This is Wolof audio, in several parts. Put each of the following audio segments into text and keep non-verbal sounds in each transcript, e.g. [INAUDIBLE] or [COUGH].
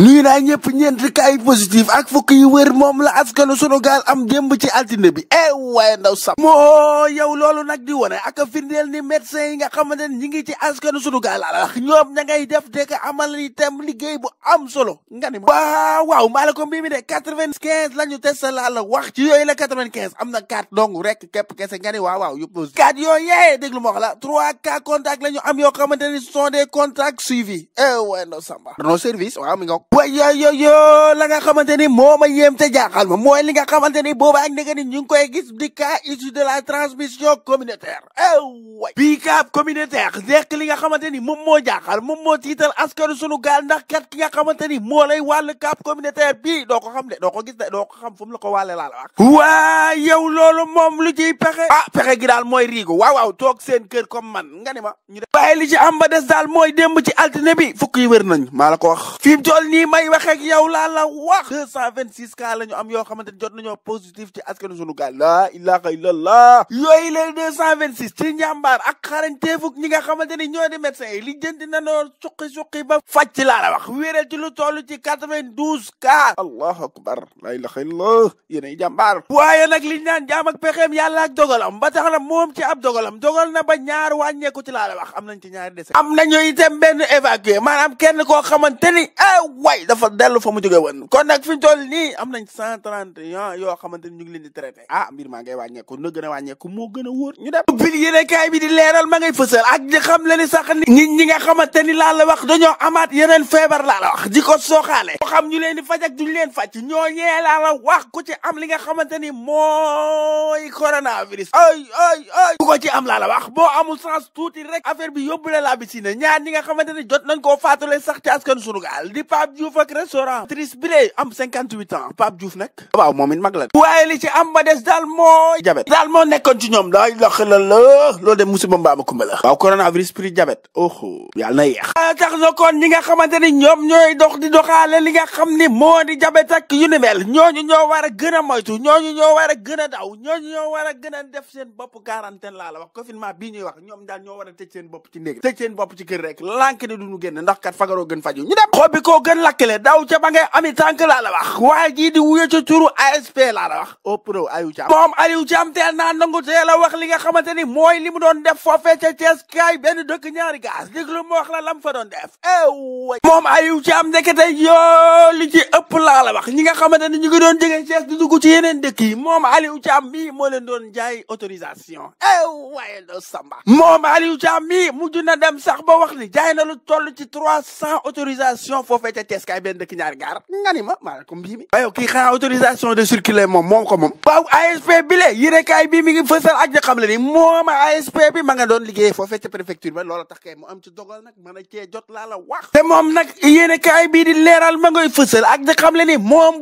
nuyu naa ñëpp ñeenti cas positif ak fukk yi wér moom la askanu sunu gaal am démb ci altine bi eh, waaye ndaw sam moo yow loolu nag di wane ak firndeel ni médecin yi nga xamante ne ñi ngi ci askanu sunu gaal alax ah, ñoom ña ngay def dëkk amal itam liggéey bu am solo nga ni waaw waaw maa la ko mbii mi de quatre-vingt-quinze la ñu testé laa la wax ci yooyu la quatre-vingt-quinze am na quatre dong rek képp kese nga ni waaw waaw yëpp positif quatre yooyu yee déglu ma wax la trois cas contacts la ñu am yoo xamante ne ce sont des contacts suivis e waaye ndaw samba no service waaw mi nga way yo yo la nga xamante ni moo ma yéem te jaaxal ma mooy li nga xamante ni booba ak ndeke ñu ngi koy gis di cas issu de la transmission communautaire eh, way bii kaab communautaire nekk li nga xamante ni moom moo jaaxal moom moo tiital askanu sunu gaal ndax kat ki nga xamante ni moo lay wàll kaab communautaire bii doo ko xam doo ko gis doo xam fu la ko wàlle laa la wax waa yow loolu moom lu ciy pexe ah pexe gi daal mooy riigu waa waaw toog seen kër comme man nga ne ma ñu de waaye li ci am ba daal mooy démb ci altine bi fukk yi wér nañ maa la ko wax fi mu fii may wax ak yow laa la wax deux cent vingt six cas la ñu am yoo xamante jot nañoo positif ci askanu sunu gaal laa ilaha illallah yooyu leen deux cent vingt six ci njàmbaar ak xarañteefuk ñi nga xamante ni ñoo di médecins yi li jënti nanoo suqi-suqi ba faj ci laa la wax wéeral ci lu toll ci quatre vingt douze cas allahu akbar laa ilaha illallah yéenay jàmbaar waaye nag liñ naan jaam ak pexeem yàlla ak dogalam ba tax na moom ci ab dogalam dogal na ba ñaar wàññeeku ci laa la wax am nañ ci ñaari dese am nañu itam benn évacué maanaam koo xamante ah, way dafa dellu fa mu jógee woon kon nag fi ñu toll nii am nañ cent trente yoo xamante ni ñu ngi leen di traité ah mbir maa ngay wàññeeku na gën a wàññeeku moo gën a ñu dem ubbil yéene kaay bi di leeral ma ngay fësal ak di xam le ni sax ni nit ñi nga xamante ni laa la wax dañoo amaat yeneen feebar laa la wax di ko sooxaale boo xam ñu leen di faj ak duñ leen faj ñoo ñee laa la wax ku ci am li nga xamante ni mooy coronavirus ay ay ay ku ko ci am laa la wax boo amul sens tuuti rek affaire bi yóbbu la laa bi si ne ñaar nga xamante ni jot nañ koo faatule sax ci askan sunu gaal di Pape Diouf ak restaurant trice bile am cinquante huit ans Pape Diouf nag waaw moom it mag la waaye li ci am ba des daal mooy jabet daal moo nekkoon ci ñoom daay lax la de musiba mbaama kumba waaw coronavirus prix jabet oho yàlla na yeex ah, tax na kon nga xamante ni ñoom ñooy dox di doxaale li nga xam ni moo di jabet ak yu ñooñu ñoo war a gën a moytu ñooñu ñoo war a gën a daw ñooñu ñoo war a gën a def seen bopp quarantaine laa wax confinement bii ñuy lakkale daw ca ba ngay ami tànk laa la wax waaye jii di wuye ca turu ASP laa la wax au oh, pro Aliou Thiam moom Aliou Thiam teel naa nangu teel a wax li nga xamante ni mooy li mu doon def foofee ca Thiès kaay benn dëkk ñaari gaas déglu mu wax la lam fa doon def ew moom Aliou Thiam ndekete yoo li ci ëpp laa la wax ñi nga xamante ni ñu ngi doon jógee Thiès di ci yeneen dëkk yi moom Aliou Thiam mii moo leen doon jaay autorisation ew waaye doo samba moom Aliou Thiam mii na dem sax ba wax ni jaay na lu toll ci trois cent autorisation foofee ca Thiès kaay benn dëkk ñaari gaar nga ma maa ko mbii mi waaye kii xanaa autorisation de circuler moom moom ko moom waaw ASP bi le yéene kaay bii mi ak ñu xam le ni moom ASP bi ma nga doon liggéey foofee a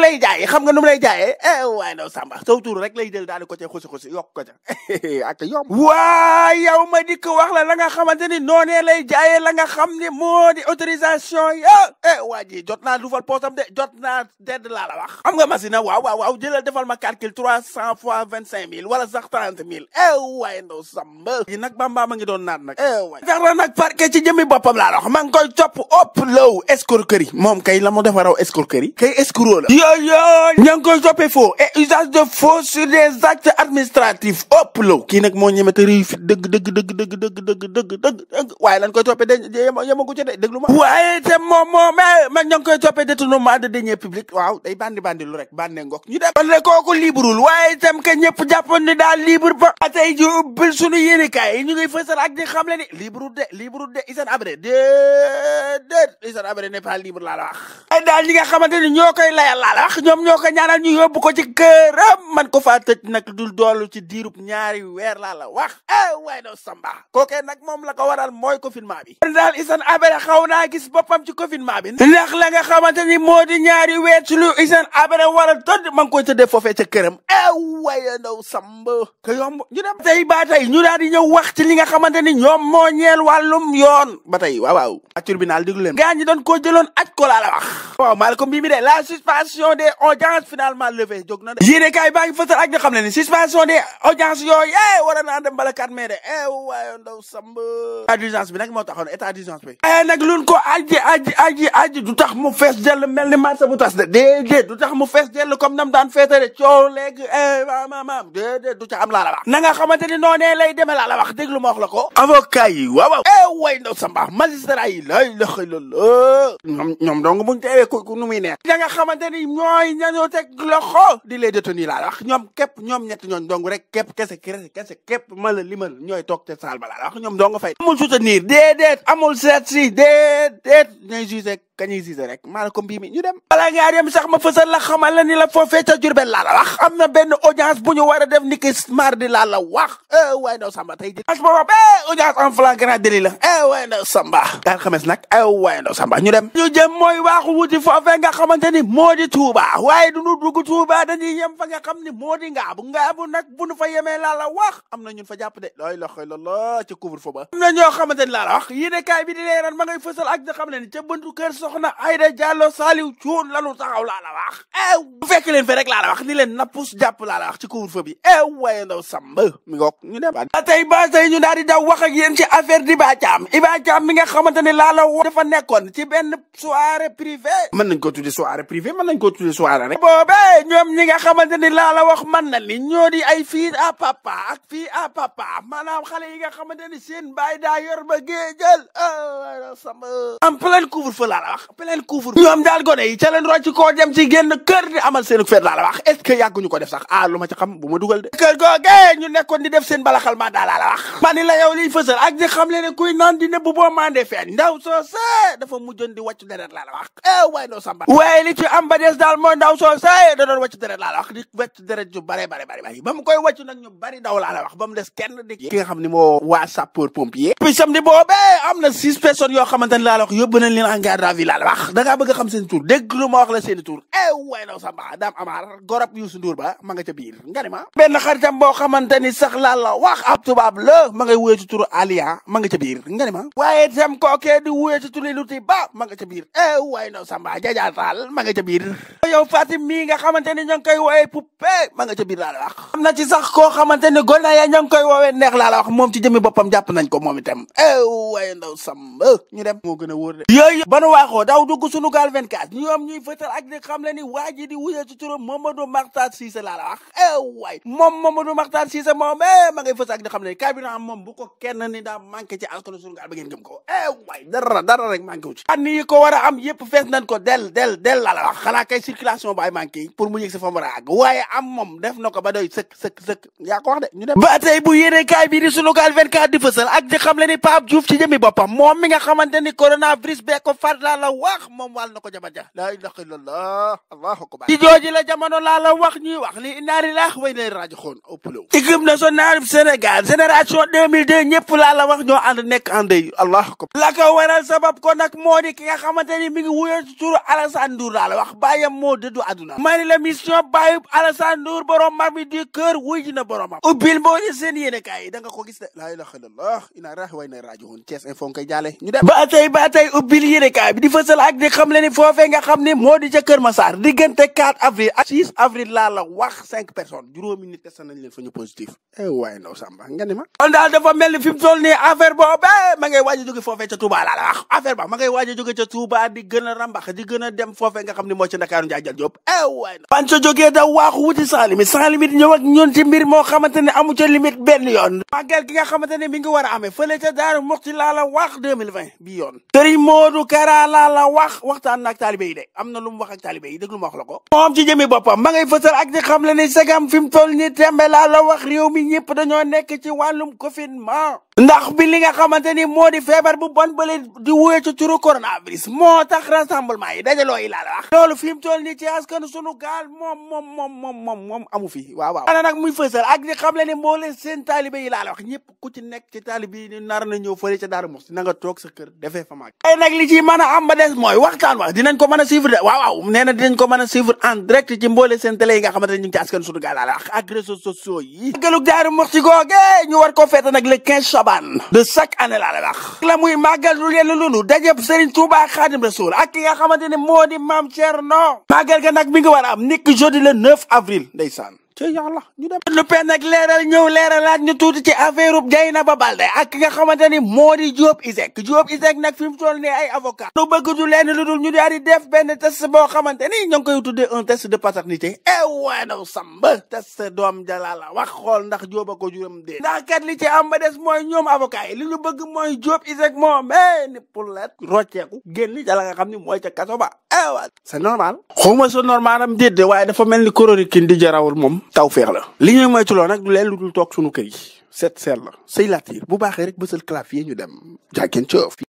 lay jaay xam nga nu eh Samba saw tuur rek lay jël daal ko ca xusi xusi ko ca [LAUGHS] ak yomb ma dikk wax la la nga xamante ni noonee lay jaayee la nga xam ne moo di autorisation ya eh waa ji jot naa duufal poosam de jot wax xam nga machine a ah, waaw waaw waaw defal ma calcul trois cent fois vingt cinq mille wala sax trente mille eh waay ndaw samba yi nag bamba ma ngi doon naat nag eh waay fex na nag parquet ci jëmmi boppam laa la wax maa ngi koy topp ëpp law escroquerie moom kay la mu defa raw escroquerie kay escroc koy toppee faux et usage de faux sur des actes administratifs ëpp law kii nag moo ñemete réyu fit dëgg dëgg dëgg dëgg de yemagu ci de déglu ma waaye te moom nag ñoo ngi koy toppee détournement de deniers publics waaw day bandi bandi lu rek bande ngok ñu dem. kon ne kooku waaye itam que ñëpp ni daal libre ba tey ji ubbil suñu yéenekaay yi ñu di xam le ni liibrul de liibrul de Hissène Habré déedéet Hissène Habré n'est pas libre la wax ay daal ñi nga xamante ni ñoo koy layal laa la wax ñoom ñoo ko ñaanal ñu yóbbu ko ci këram man ko faa tëj nag dul doolu ci diirub ñaari weer laa la wax eh waaye doo samba kookee nag moom la waral mooy confinement bi daal Hissène Habré xaw naa boppam ci confinement bi ndax la nga xamante ni moo di ñaari weer ci lu Hissène Habré war a tëdd ma ngi koy tëddee foofee ca këram e waaye ndaw samba ka yomb ñu dem tey ba tey ñu daal di ñëw wax ci li nga xamante ni ñoom moo ñeel wàllum yoon ba tey waaw waaw ak tribunal diglu leen gaa koo jëloon aj ko la wax de la suspension des audiences finalement levée na de yéene kaay baa ngi fësal ne ni suspension des audiences yooyu eh war naa dem bala 4 mai de eh waaye ndaw bi nag moo taxoon état d'urgence bi ay eh, nag luñ ko aji aji aji aji tax mu fees dell mel ni marché bu tas de déedéet du tax mu fees dell comme nam daan feetare coow léegi eh, maam maam déedéet du ca am laa la wax na nga xamante ni noonee lay demee laa la wax déglu ma wax la ko la xëy loolu ñoom ñoom donc buñ teewee ku nu muy neex nga xamante ni ñooy ñañoo teg loxo di les la wax ñoom képp ñoom ñett ñooñ dong rek képp kese kese kese képp ma la limal ñooy toog te saal ba laa la wax ñoom dong fay amul kañuy siise rek maa ko mbii ñu dem bala ngaa dem sax ma fësal la xamal la ni la foofee ca Jurbel laa wax am na benn audience bu ñu war a def ni ki mardi laa la wax eh waaye ndaw samba tey ji as boobam eh audience en flagrant délit la eh waaye samba daal xames nag eh waaye samba ñu dem ñu jëm mooy waaxu wuti foofee nga xamante ni moo di Touba waaye duñu dugg Touba dañuy yem fa nga xam ni moo di ngaabu ngaabu nag bu nu fa yemee laa la wax am na ñun fa jàpp de looy loxoy loolo ca couvre bi di leeral ma ngay fësal soxna Aïda Diallo da Thioune lanu taxaw laa la wax ew eh, bu fekk leen fi rek laa la wax ni leen nappus jàpp laa la wax ci couvre-feu bi ew eh, waaye ndaw samba mi ngoog ñu ne ba tey ba tey ñu daal di daw wax ak yéen ci affaire di ba Thiam Iba Thiam mi nga xamante ne laa la wax dafa nekkoon ci benn soirée privée mën nañ ko tudde soirée privée mën nañ ko tudde soirée rek boobee ñoom nga xamante ni laa la wax mën na ni ñoo di ay fii à papa ak fii à papa maanaam xale yi nga xamante ni seen baay daa yor ba géejal eh, samba en plein couvre wax plein couvre ñoom daal gone yi ca leen rocc koo dem ci kër di amal seenu feet laa la que yàgguñu ko def sax ah lu ma ci bu ma dugal de kër googee ñu nekkoon di def seen balaxal ma daal laa la wax ma ni liy fësal ak di xam le kuy naan di nëbb boo mandee feeñ ndaw soose dafa mujjoon di wàccu deret laa la wax eh waay samba waaye ci am ba des daal mooy ndaw soose da doon wàccu deret laa la wax di wàccu deret ju bare bare bare bari ba mu koy wàccu nag mu des kenn di nga xam ni moo waa sapeur pompier puis yoo xamante ne laa la leen laa la wax da ngaa bëgg a xam seen tur dégg lu ma wax la seen tur eh way naw samba daam amaar gorab Youssou Ndour ba ma ca biir nga ma benn xaritam boo xamante ni la wax ab tubaab la ma ngay ci turu Alia ma nga ca biir nga ne ma waaye itam kookee di wuyee ci turu Luti ba ma nga ca biir eh way naw samba jajaataal ma nga ca biir yow Fatim mii nga xamante ni ñoo ngi koy woowee poupée ma nga ca biir laa la wax am na ci sax koo xamante ni gona ya ñoo ngi koy woowee neex laa la wax moom ci jëmi boppam jàpp nañ ko moom itam eh way naw samba ñu dem moo gën a wóor yooyu ban waa Sakho daw dugg sunu gaal 24 ñoom ñuy fëtal ak di xam le ni waa ji di wuyee ci turam Mamadou Makhtar Cissé laa la wax eh waay moom Mamadou Makhtar Cissé moom eh ma ngay fës ak di xam le ni carburant bu ko eh a a kaay bi di sunu gaal 24 di fësal ak di xam le ni Pape Diouf ci jëmi boppam moom mi nga xamante ni coronavirus bee ko far laa la wax moom wàll na ko jama ja laa ilaha illallah allahu akbar ci jooji la jamono laa la wax ñuy wax ni inna lillahi wa inna ilayhi raji'un ëpplew équipe nationale Sénégal génération 2002 ñëpp laa la wax ñoo ànd nekk ànd yi allahu akbar la ko waral sabab ko nag moo di ki nga xamante ni mi ngi wuyoo ci turu Alassane Ndour laa la wax bàyyam moo dëddu àdduna mani la mission bàyyub Alassane Ndour borom mar mi di kër wuy ji na boromam ubbil moo di seen yéene kaay yi da nga ko gis de laa ilaha illallah inna lillahi wa inna ilayhi raji'un Thiès Info ngay jaale ñu dem ba tey ba tey ubbil yéene kaay bi fësal ak di xam le ni foofee nga xam ne moo di ca Kër Massar diggante 4 avril ak 6 avril laa la wax cinq personnes juróomi nit testé nañ ñu positif eh waaye ndaw Samba nga ni ma kon daal dafa mel ni fi mu toll nii affaire boobee ma ngay waaj a jóge foofee laa la wax affaire ba ma ngay waaj a jóge ca Touba di gën a rambax di gën a dem foofee nga xam ne moo ci Ndakaaru Njaajal Jóob eh waaye ban ca jógee da waaxu wuti sans limite sans limite ñëw moo xamante ne amu ca limite benn yoon màggal gi nga xamante ne mi ngi war a amee fële ca Daaru Muxti laa la wax 2020 bi yoon Sëriñ Moodu laa la wax waxtaan na ak taalibe yi am na lu mu wax ak taalibe yi déglu wax la ko moom ci jëmi boppam ma ngay fësal ak di xam le ni sagam fi mu ni tembe laa la wax réew mi ñëpp dañoo nekk ci wàllum confinement ndax bi li ni moo di feebar bu bon bële di wuyee ci turu coronavirus moo tax rassemblement yi dajaloo yi laa la wax loolu fi mu ci askan sunu gaal moom moom moom moom amu fi waaw waaw ana nag muy fësal le ni moo seen taalibe yi laa la wax ku ci nekk ci taalibe ni nar na fële ca Daaru Muxti na nga toog defee fa maag ay a dinañ ko mën a suivre a suivre direct ci mboole seen télé yi nga xamante ñu ci askan sunu gaal laa ak réseaux sociaux yi Chaabane de chaque année laa la wax la muy màggal lu leen loolu dajëb Serigne Touba Xaadim Rasul ak ki nga xamante ne moo di maam Thierno màggal ga nag mi ngi war a am nekk jeudi le 9 avril ndeysaan ca yàlla ñu dem lu pen nag leeral ñëw leeralaat ñu tuuti ci affaire ub Dieynaba Balde ak ki nga xamante ni moo di Diop Iseg Diop Iseg nag fi mu toll nii ay avocat lu bëgg du leen lu dul ñu daal di def benn test boo xamante ni ñoo ngi koy tuddee un test de paternité e eh, waanaw samba test doom jala la wax xool ndax Diop a ko juram dee ndax kat li ci am des mooy ñoom avocat li ñu bëgg mooy Diop Iseg moom eh ni pour let rocceeku génn jala nga xam ni mooy ca kaso ba ewa eh, c'est normal xawma sa normal am déedéet waaye dafa mel ni chloroquine di jarawul moom tawfeex la li ñuy moytuloo nag du leen lu dul toog suñu kër yi seet seet la say laat bu baaxee rek bësal clavier ñu dem jàggeen coof